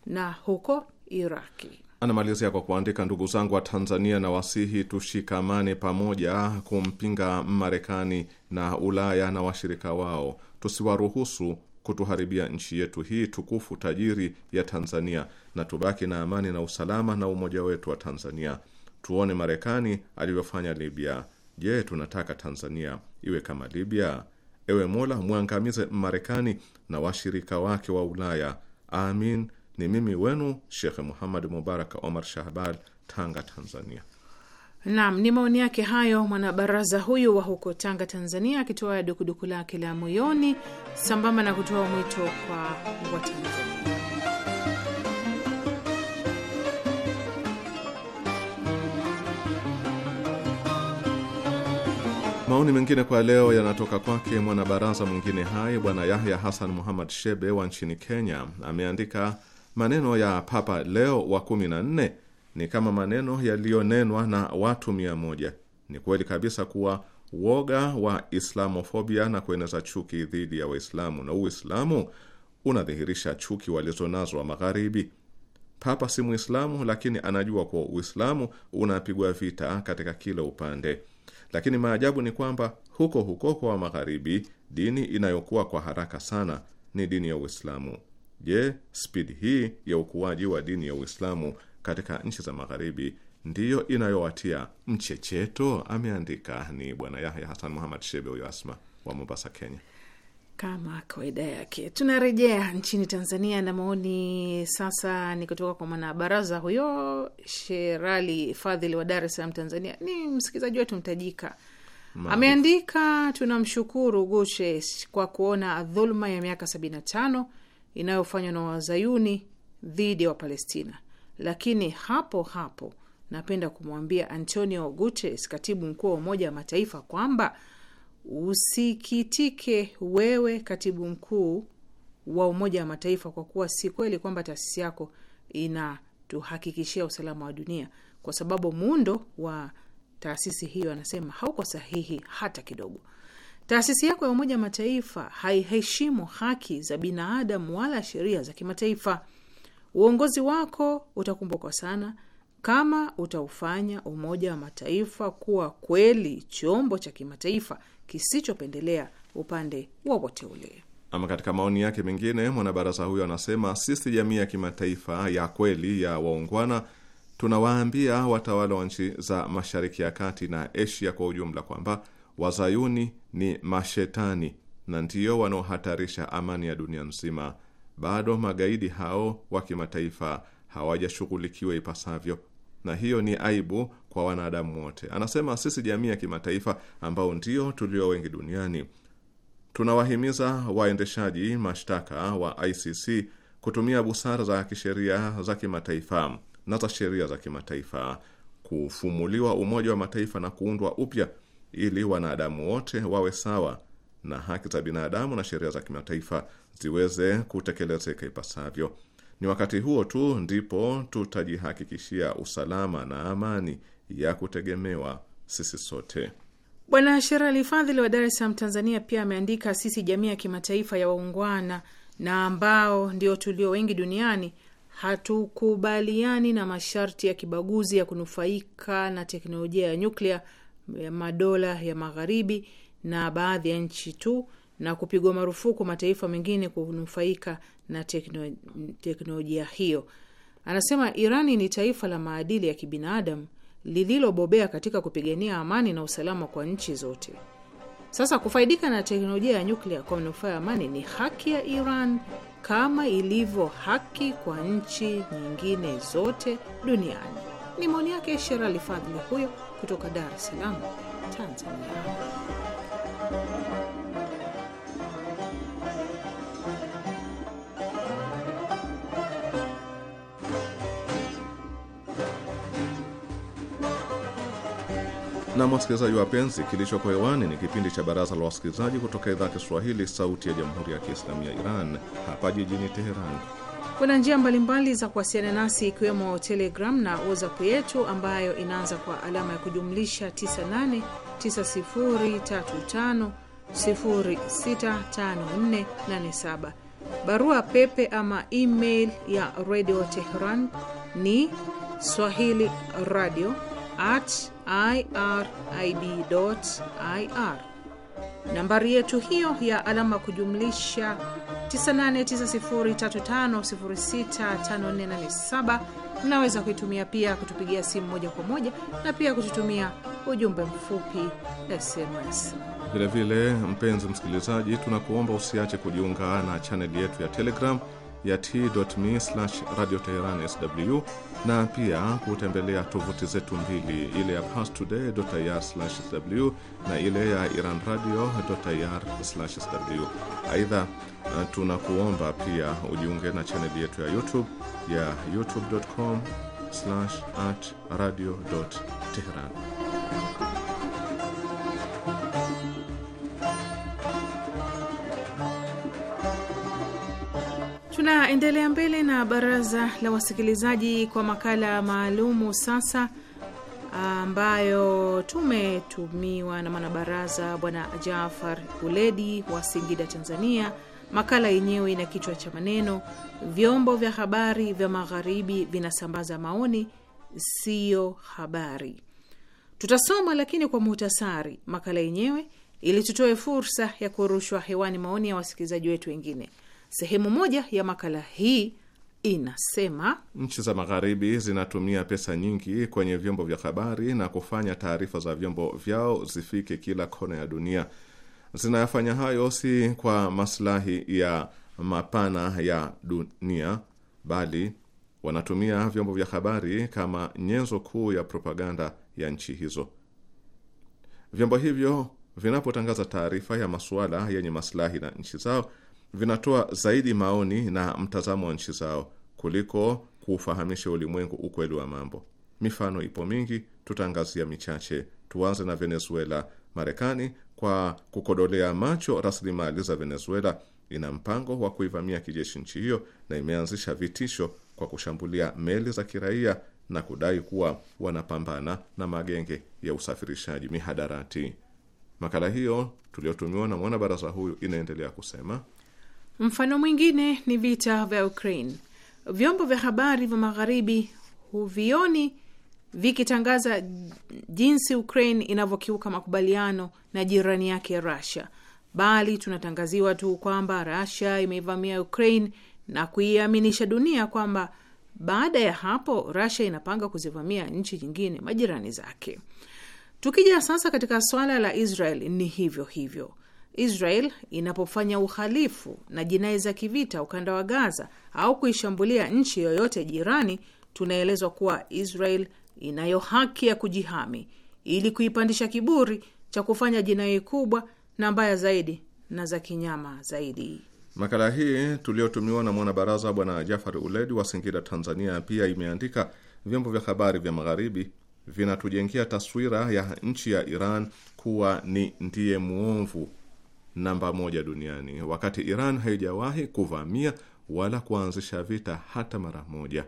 Speaker 3: na huko Iraki.
Speaker 6: Anamalizia kwa kuandika, ndugu zangu wa Tanzania, na wasihi tushikamane pamoja kumpinga Marekani na Ulaya na washirika wao, tusiwaruhusu kutuharibia nchi yetu hii tukufu tajiri ya Tanzania, na tubaki na amani na usalama na umoja wetu wa Tanzania. Tuone Marekani alivyofanya Libya. Je, tunataka Tanzania iwe kama Libya? Ewe Mola, mwangamize Marekani na washirika wake wa Ulaya. Amin ni mimi wenu Shekhe Muhammad Mubarak Omar Shahbal, Tanga, Tanzania.
Speaker 3: Naam, ni maoni yake hayo mwanabaraza huyu wa huko Tanga, Tanzania, akitoa dukuduku lake la moyoni sambamba na kutoa mwito kwa Watanzania.
Speaker 6: Maoni mengine kwa leo yanatoka kwake mwanabaraza mwingine hai, Bwana Yahya Hasan Muhammad Shebe wa nchini Kenya. Ameandika maneno ya Papa Leo wa kumi na nne ni kama maneno yaliyonenwa na watu mia moja. Ni kweli kabisa kuwa woga wa Islamofobia na kueneza chuki dhidi ya Waislamu na Uislamu unadhihirisha chuki walizonazo wa Magharibi. Papa si Mwislamu, lakini anajua kuwa Uislamu unapigwa vita katika kila upande. Lakini maajabu ni kwamba huko huko kwa Magharibi, dini inayokuwa kwa haraka sana ni dini ya Uislamu. Je, spidi hii ya ukuaji wa dini ya Uislamu katika nchi za magharibi ndiyo inayowatia mchecheto? Ameandika ni Bwana Yahya Hasan Muhamad Shebe, huyo Asma wa Mombasa, Kenya.
Speaker 3: Kama kawaida yake, tunarejea nchini Tanzania na maoni sasa ni kutoka kwa mwanabaraza huyo Sherali Fadhili wa Dar es Salaam, Tanzania. Ni msikilizaji wetu mtajika Maaf. Ameandika, tunamshukuru Gushe kwa kuona dhuluma ya miaka sabini na tano inayofanywa na wazayuni dhidi ya Wapalestina. Lakini hapo hapo napenda kumwambia Antonio Guterres, katibu mkuu wa Umoja wa Mataifa, kwamba usikitike wewe, katibu mkuu wa Umoja wa Mataifa, kwa kuwa si kweli kwamba taasisi yako inatuhakikishia usalama wa dunia, kwa sababu muundo wa taasisi hiyo, anasema hauko sahihi hata kidogo. Taasisi yako ya Umoja Mataifa haiheshimu haki za binadamu wala sheria za kimataifa. Uongozi wako utakumbukwa sana kama utaufanya Umoja wa Mataifa kuwa kweli chombo cha kimataifa kisichopendelea upande wowote ule.
Speaker 6: Ama katika maoni yake mengine, mwanabaraza huyo anasema sisi jamii ya kimataifa ya kweli ya waungwana tunawaambia watawala wa nchi za Mashariki ya Kati na Asia kwa ujumla kwamba Wazayuni ni mashetani na ndiyo wanaohatarisha amani ya dunia nzima. Bado magaidi hao wa kimataifa hawajashughulikiwa ipasavyo, na hiyo ni aibu kwa wanadamu wote. Anasema sisi jamii ya kimataifa ambao ndio tulio wengi duniani tunawahimiza waendeshaji mashtaka wa ICC kutumia busara za kisheria za kimataifa na za sheria za kimataifa, kufumuliwa Umoja wa Mataifa na kuundwa upya ili wanadamu wote wawe sawa na haki za binadamu na sheria za kimataifa ziweze kutekelezeka ipasavyo. Ni wakati huo tu ndipo tutajihakikishia usalama na amani ya kutegemewa sisi sote.
Speaker 3: Bwana Sherali Fadhili wa Dar es Salaam, Tanzania, pia ameandika, sisi jamii ya kimataifa ya waungwana na ambao ndio tulio wengi duniani hatukubaliani na masharti ya kibaguzi ya kunufaika na teknolojia ya nyuklia ya madola ya magharibi na baadhi ya nchi tu na kupigwa marufuku mataifa mengine kunufaika na tekno, teknolojia hiyo. Anasema Irani ni taifa la maadili ya kibinadamu lililobobea katika kupigania amani na usalama kwa nchi zote. Sasa kufaidika na teknolojia ya nyuklia kwa manufaa ya amani ni haki ya Iran kama ilivyo haki kwa nchi nyingine zote duniani. Ni maoni yake Sherali Fadhili huyo kutoka Dar es Salaam, Tanzania.
Speaker 6: Na wasikilizaji wapenzi, kilicho kwa hewani ni kipindi cha Baraza la Wasikilizaji kutoka idhaa ya Kiswahili, Sauti ya Jamhuri ya Kiislamu ya Iran, hapa jijini Teheran.
Speaker 3: Kuna njia mbalimbali za kuwasiliana nasi ikiwemo Telegram na WhatsApp yetu ambayo inaanza kwa alama ya kujumlisha 989035065487. Barua pepe ama email ya Radio Tehran ni swahili radio at irib ir. Nambari yetu hiyo ya alama kujumlisha 989035065487. Mnaweza kuitumia pia kutupigia simu moja kwa moja na pia kututumia ujumbe mfupi SMS.
Speaker 6: Vilevile mpenzi msikilizaji, tunakuomba usiache kujiunga na chaneli yetu ya Telegram ya t.me radio Teheran sw na pia kutembelea tovuti zetu mbili, ile ya pastoday.ir ir sw na ile ya Iran radio ir sw. Aidha, uh, tunakuomba pia ujiunge na chaneli yetu ya YouTube ya youtube.com radio Teheran.
Speaker 3: Tunaendelea mbele na baraza la wasikilizaji kwa makala maalumu sasa ambayo tumetumiwa na mwanabaraza Bwana Jafar Uledi wa Singida, Tanzania. Makala yenyewe ina kichwa cha maneno, vyombo vya habari vya magharibi vinasambaza maoni, siyo habari. Tutasoma lakini kwa muhtasari. Makala yenyewe ili tutoe fursa ya kurushwa hewani maoni ya wasikilizaji wetu wengine. Sehemu moja ya makala hii inasema
Speaker 6: nchi za Magharibi zinatumia pesa nyingi kwenye vyombo vya habari na kufanya taarifa za vyombo vyao zifike kila kona ya dunia. Zinayafanya hayo si kwa maslahi ya mapana ya dunia, bali wanatumia vyombo vya habari kama nyenzo kuu ya propaganda ya nchi hizo. Vyombo hivyo vinapotangaza taarifa ya masuala yenye maslahi na nchi zao vinatoa zaidi maoni na mtazamo wa nchi zao kuliko kuufahamisha ulimwengu ukweli wa mambo. Mifano ipo mingi, tutaangazia michache. Tuanze na Venezuela. Marekani kwa kukodolea macho rasilimali za Venezuela ina mpango wa kuivamia kijeshi nchi hiyo na imeanzisha vitisho kwa kushambulia meli za kiraia na kudai kuwa wanapambana na magenge ya usafirishaji mihadarati. Makala hiyo tuliyotumiwa na mwanabaraza huyu inaendelea kusema
Speaker 3: Mfano mwingine ni vita vya Ukraine. Vyombo vya habari vya magharibi huvioni vikitangaza jinsi Ukraine inavyokiuka makubaliano na jirani yake Russia, bali tunatangaziwa tu kwamba Russia imeivamia Ukraine na kuiaminisha dunia kwamba baada ya hapo Russia inapanga kuzivamia nchi nyingine majirani zake. Tukija sasa katika swala la Israel ni hivyo hivyo. Israel inapofanya uhalifu na jinai za kivita ukanda wa Gaza au kuishambulia nchi yoyote jirani, tunaelezwa kuwa Israel inayo haki ya kujihami ili kuipandisha kiburi cha kufanya jinai kubwa na mbaya zaidi na za kinyama zaidi.
Speaker 6: Makala hii tuliyotumiwa na mwanabaraza Bwana Jafari Uledi wa Singida, Tanzania, pia imeandika vyombo vya habari vya magharibi vinatujengea taswira ya nchi ya Iran kuwa ni ndiye mwovu namba moja duniani, wakati Iran haijawahi kuvamia wala kuanzisha vita hata mara moja.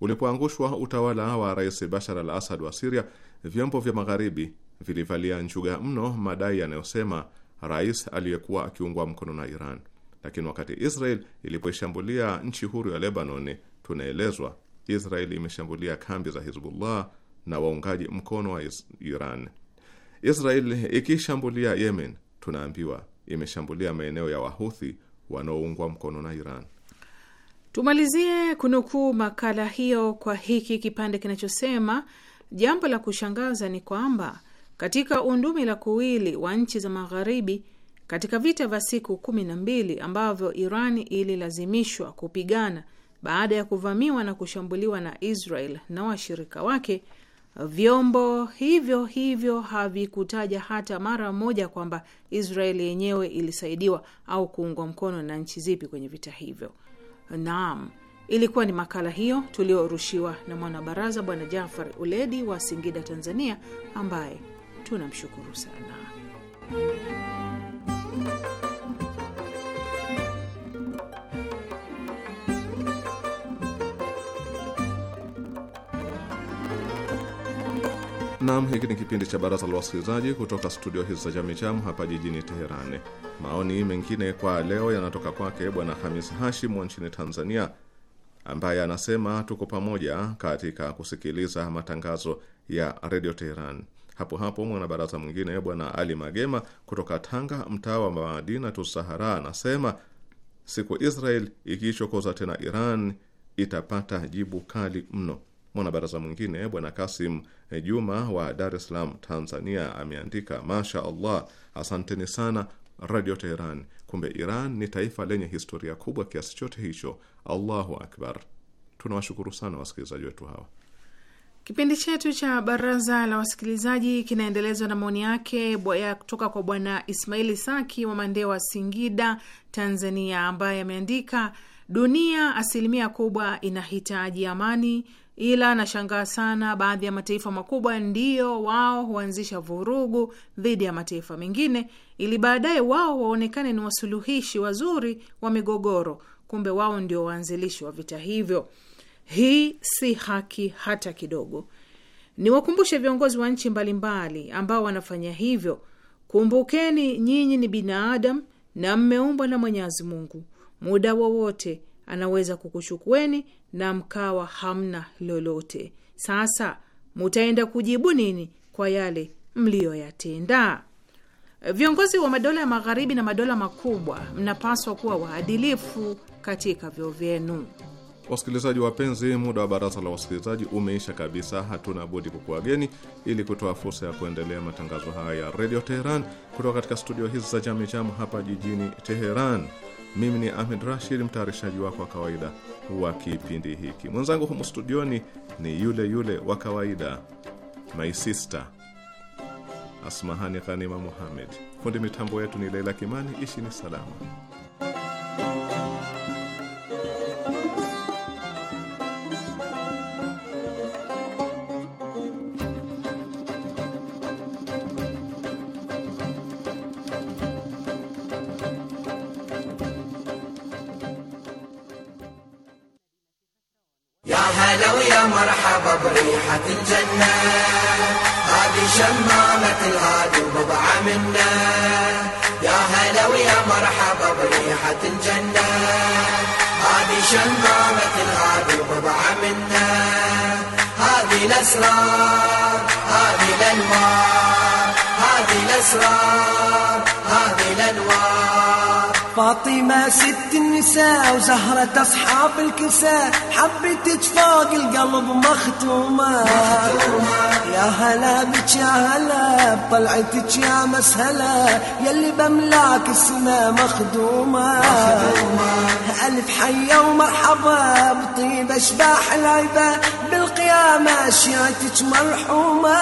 Speaker 6: Ulipoangushwa utawala wa Rais Bashar al Asad wa Siria, vyombo vya Magharibi vilivalia njuga mno madai yanayosema rais aliyekuwa akiungwa mkono na Iran. Lakini wakati Israel ilipoishambulia nchi huru ya Lebanon, tunaelezwa Israel imeshambulia kambi za Hizbullah na waungaji mkono wa Iran. Israel ikishambulia Yemen tunaambiwa imeshambulia maeneo ya Wahuthi wanaoungwa mkono na Iran.
Speaker 3: Tumalizie kunukuu makala hiyo kwa hiki kipande kinachosema, jambo la kushangaza ni kwamba katika undumi la kuwili wa nchi za Magharibi, katika vita vya siku kumi na mbili ambavyo Iran ililazimishwa kupigana baada ya kuvamiwa na kushambuliwa na Israel na washirika wake Vyombo hivyo hivyo havikutaja hata mara moja kwamba Israeli yenyewe ilisaidiwa au kuungwa mkono na nchi zipi kwenye vita hivyo. Naam, ilikuwa ni makala hiyo tuliorushiwa na mwanabaraza Bwana Jafar Uledi wa Singida, Tanzania, ambaye tunamshukuru sana.
Speaker 6: Naam, hiki ni kipindi cha baraza la wasikilizaji kutoka studio hizi za jamicham hapa jijini Teherani. Maoni mengine kwa leo yanatoka kwake Bwana Hamis Hashim wa nchini Tanzania, ambaye anasema tuko pamoja katika kusikiliza matangazo ya redio Teheran. Hapo hapo mwanabaraza mwingine Bwana Ali Magema kutoka Tanga, mtaa wa madina tusahara anasema siku Israel ikiichokoza tena Iran itapata jibu kali mno. Mwanabaraza mwingine Bwana Kasim eh, Juma wa Dar es Salaam, Tanzania, ameandika masha Allah, asanteni sana Radio Teheran. Kumbe Iran ni taifa lenye historia kubwa kiasi chote hicho. Allahu akbar. Tunawashukuru sana wasikilizaji wetu hawa.
Speaker 3: Kipindi chetu cha baraza la wasikilizaji kinaendelezwa na maoni yake ya kutoka kwa bwana Ismaili Saki wa wa Singida, Tanzania, ambaye ameandika dunia asilimia kubwa inahitaji amani ila nashangaa sana baadhi ya mataifa makubwa ndiyo wao huanzisha vurugu dhidi ya mataifa mengine ili baadaye wao waonekane ni wasuluhishi wazuri wa migogoro, kumbe wao ndio waanzilishi wa vita hivyo. Hii si haki hata kidogo. Niwakumbushe viongozi wa nchi mbalimbali ambao wanafanya hivyo, kumbukeni nyinyi ni binadamu na mmeumbwa na Mwenyezi Mungu. Muda wowote anaweza kukuchukueni na mkawa hamna lolote. Sasa mutaenda kujibu nini kwa yale mliyoyatenda? Viongozi wa madola ya magharibi na madola makubwa, mnapaswa kuwa waadilifu katika vyo vyenu.
Speaker 6: Wasikilizaji wapenzi, muda wa baraza la wasikilizaji umeisha kabisa. Hatuna budi kukuageni ili kutoa fursa ya kuendelea matangazo haya ya redio Teheran kutoka katika studio hizi za Jamijamu hapa jijini Teheran. Mimi ni Ahmed Rashid, mtayarishaji wako wa kawaida wa kipindi hiki. Mwenzangu humu studioni ni yule yule wa kawaida, my sister Asmahani Ghanima Muhammed. Fundi mitambo yetu ni Leila Kimani. Ishi ni salama.
Speaker 4: مرحبا بريحة الجنة هذه شمامة الهادي وبضعة منا يا هلا ويا مرحبا بريحة الجنة هذه شمامة الهادي وبضعة منا هذه الأسرار هذه الأنوار هذه الأسرار هذه الأنوار فاطمة ست النساء وزهرة أصحاب الكساء حبتك فوق القلب مختومة يا هلا بك يا هلا بطلعتك يا مسهلة يلي بملاك السما مخدومة ألف حية ومرحبا بطيب أشباح العيبة بالقيامة شيعتك مرحومة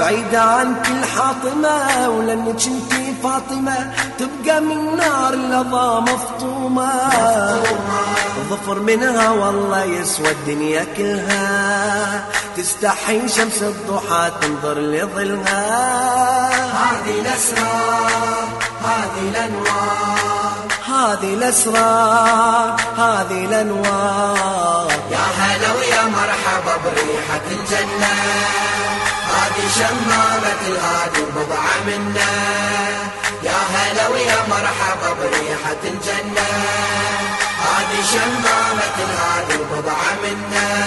Speaker 4: بعيدة عن كل حاطمة ولنك انتي فاطمة تبقى من نار اللظى مفطومة ظفر منها والله يسوى الدنيا كلها تستحي شمس الضحى تنظر لظلها هذه الأسرار هذه الأنوار هذه الأسرار هذه الأنوار يا هلا ويا مرحبا بريحة الجنة هذه شمامة الهادي بضعة منا هلا ويا مرحبا بريحة الجنة هذه شمامة هذه بضعة منا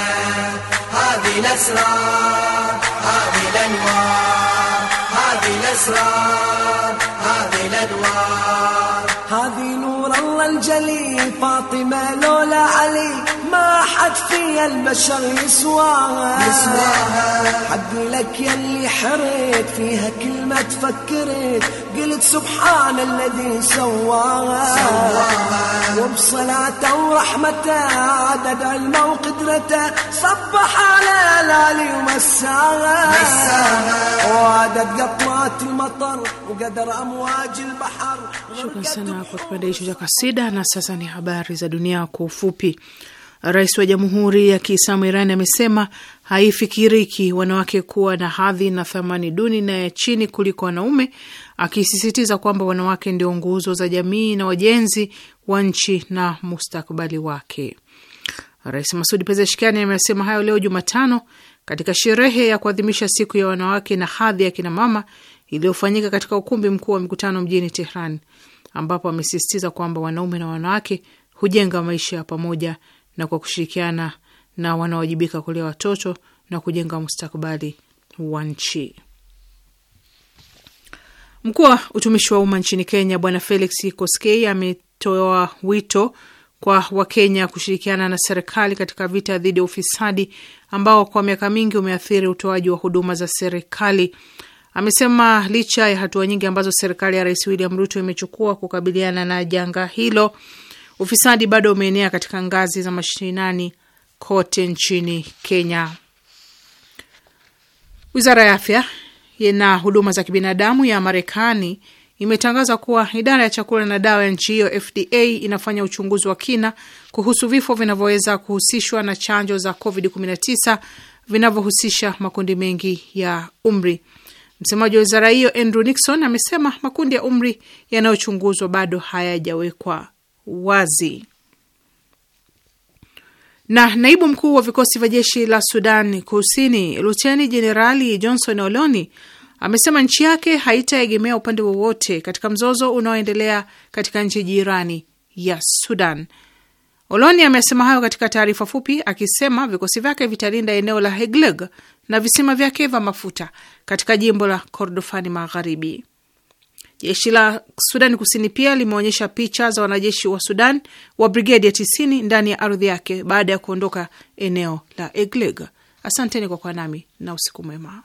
Speaker 4: هذه الأسرار هذه الأنوار هذه الأسرار هذه الأنوار هذه نور الله الجليل فاطمة لولا علي حد في البشر يسواها يسواها لك يلي حريت فيها كل ما تفكرت قلت سبحان الذي سواها سواها وبصلاته ورحمته عدد علمه وقدرته صبح على ليالي
Speaker 3: ومساها وعدد قطرات
Speaker 4: المطر
Speaker 3: وقدر امواج البحر شكرا سنة kwa kipande hicho cha kasida na sasa ni Rais wa Jamhuri ya Kiislamu Iran amesema haifikiriki wanawake kuwa na hadhi na thamani duni na ya chini kuliko wanaume, akisisitiza kwamba wanawake ndio nguzo za jamii na wajenzi wa nchi na mustakbali wake. Rais Masud Pezeshkiani amesema hayo leo Jumatano katika sherehe ya kuadhimisha siku ya wanawake na hadhi ya kinamama iliyofanyika katika ukumbi mkuu wa mikutano mjini Tehran, ambapo amesisitiza kwamba wanaume na wanawake hujenga maisha ya pamoja na kwa kushirikiana na wanaowajibika kulea watoto na kujenga mustakabali wa nchi. Mkuu wa utumishi wa umma nchini Kenya Bwana Felix Koskei ametoa wito kwa Wakenya kushirikiana na serikali katika vita dhidi ya ufisadi ambao kwa miaka mingi umeathiri utoaji wa huduma za serikali. Amesema licha ya hatua nyingi ambazo serikali ya Rais William Ruto imechukua kukabiliana na janga hilo Ufisadi bado umeenea katika ngazi za mashinani kote nchini Kenya. Wizara ya afya na huduma za kibinadamu ya Marekani imetangaza kuwa idara ya chakula na dawa ya nchi hiyo FDA inafanya uchunguzi wa kina kuhusu vifo vinavyoweza kuhusishwa na chanjo za COVID-19 vinavyohusisha makundi mengi ya umri. Msemaji wa wizara hiyo Andrew Nixon amesema makundi ya umri yanayochunguzwa bado hayajawekwa wazi. Na naibu mkuu wa vikosi vya jeshi la Sudan Kusini, luteni jenerali Johnson Oloni amesema nchi yake haitaegemea upande wowote katika mzozo unaoendelea katika nchi jirani ya Sudan. Oloni amesema hayo katika taarifa fupi akisema vikosi vyake vitalinda eneo la Hegleg na visima vyake vya mafuta katika jimbo la Kordofani Magharibi. Jeshi la Sudani Kusini pia limeonyesha picha za wanajeshi wa Sudan wa brigedi ya tisini ndani ya ardhi yake baada ya kuondoka eneo la Egleg. Asanteni kwa kuwa nami na usiku mwema.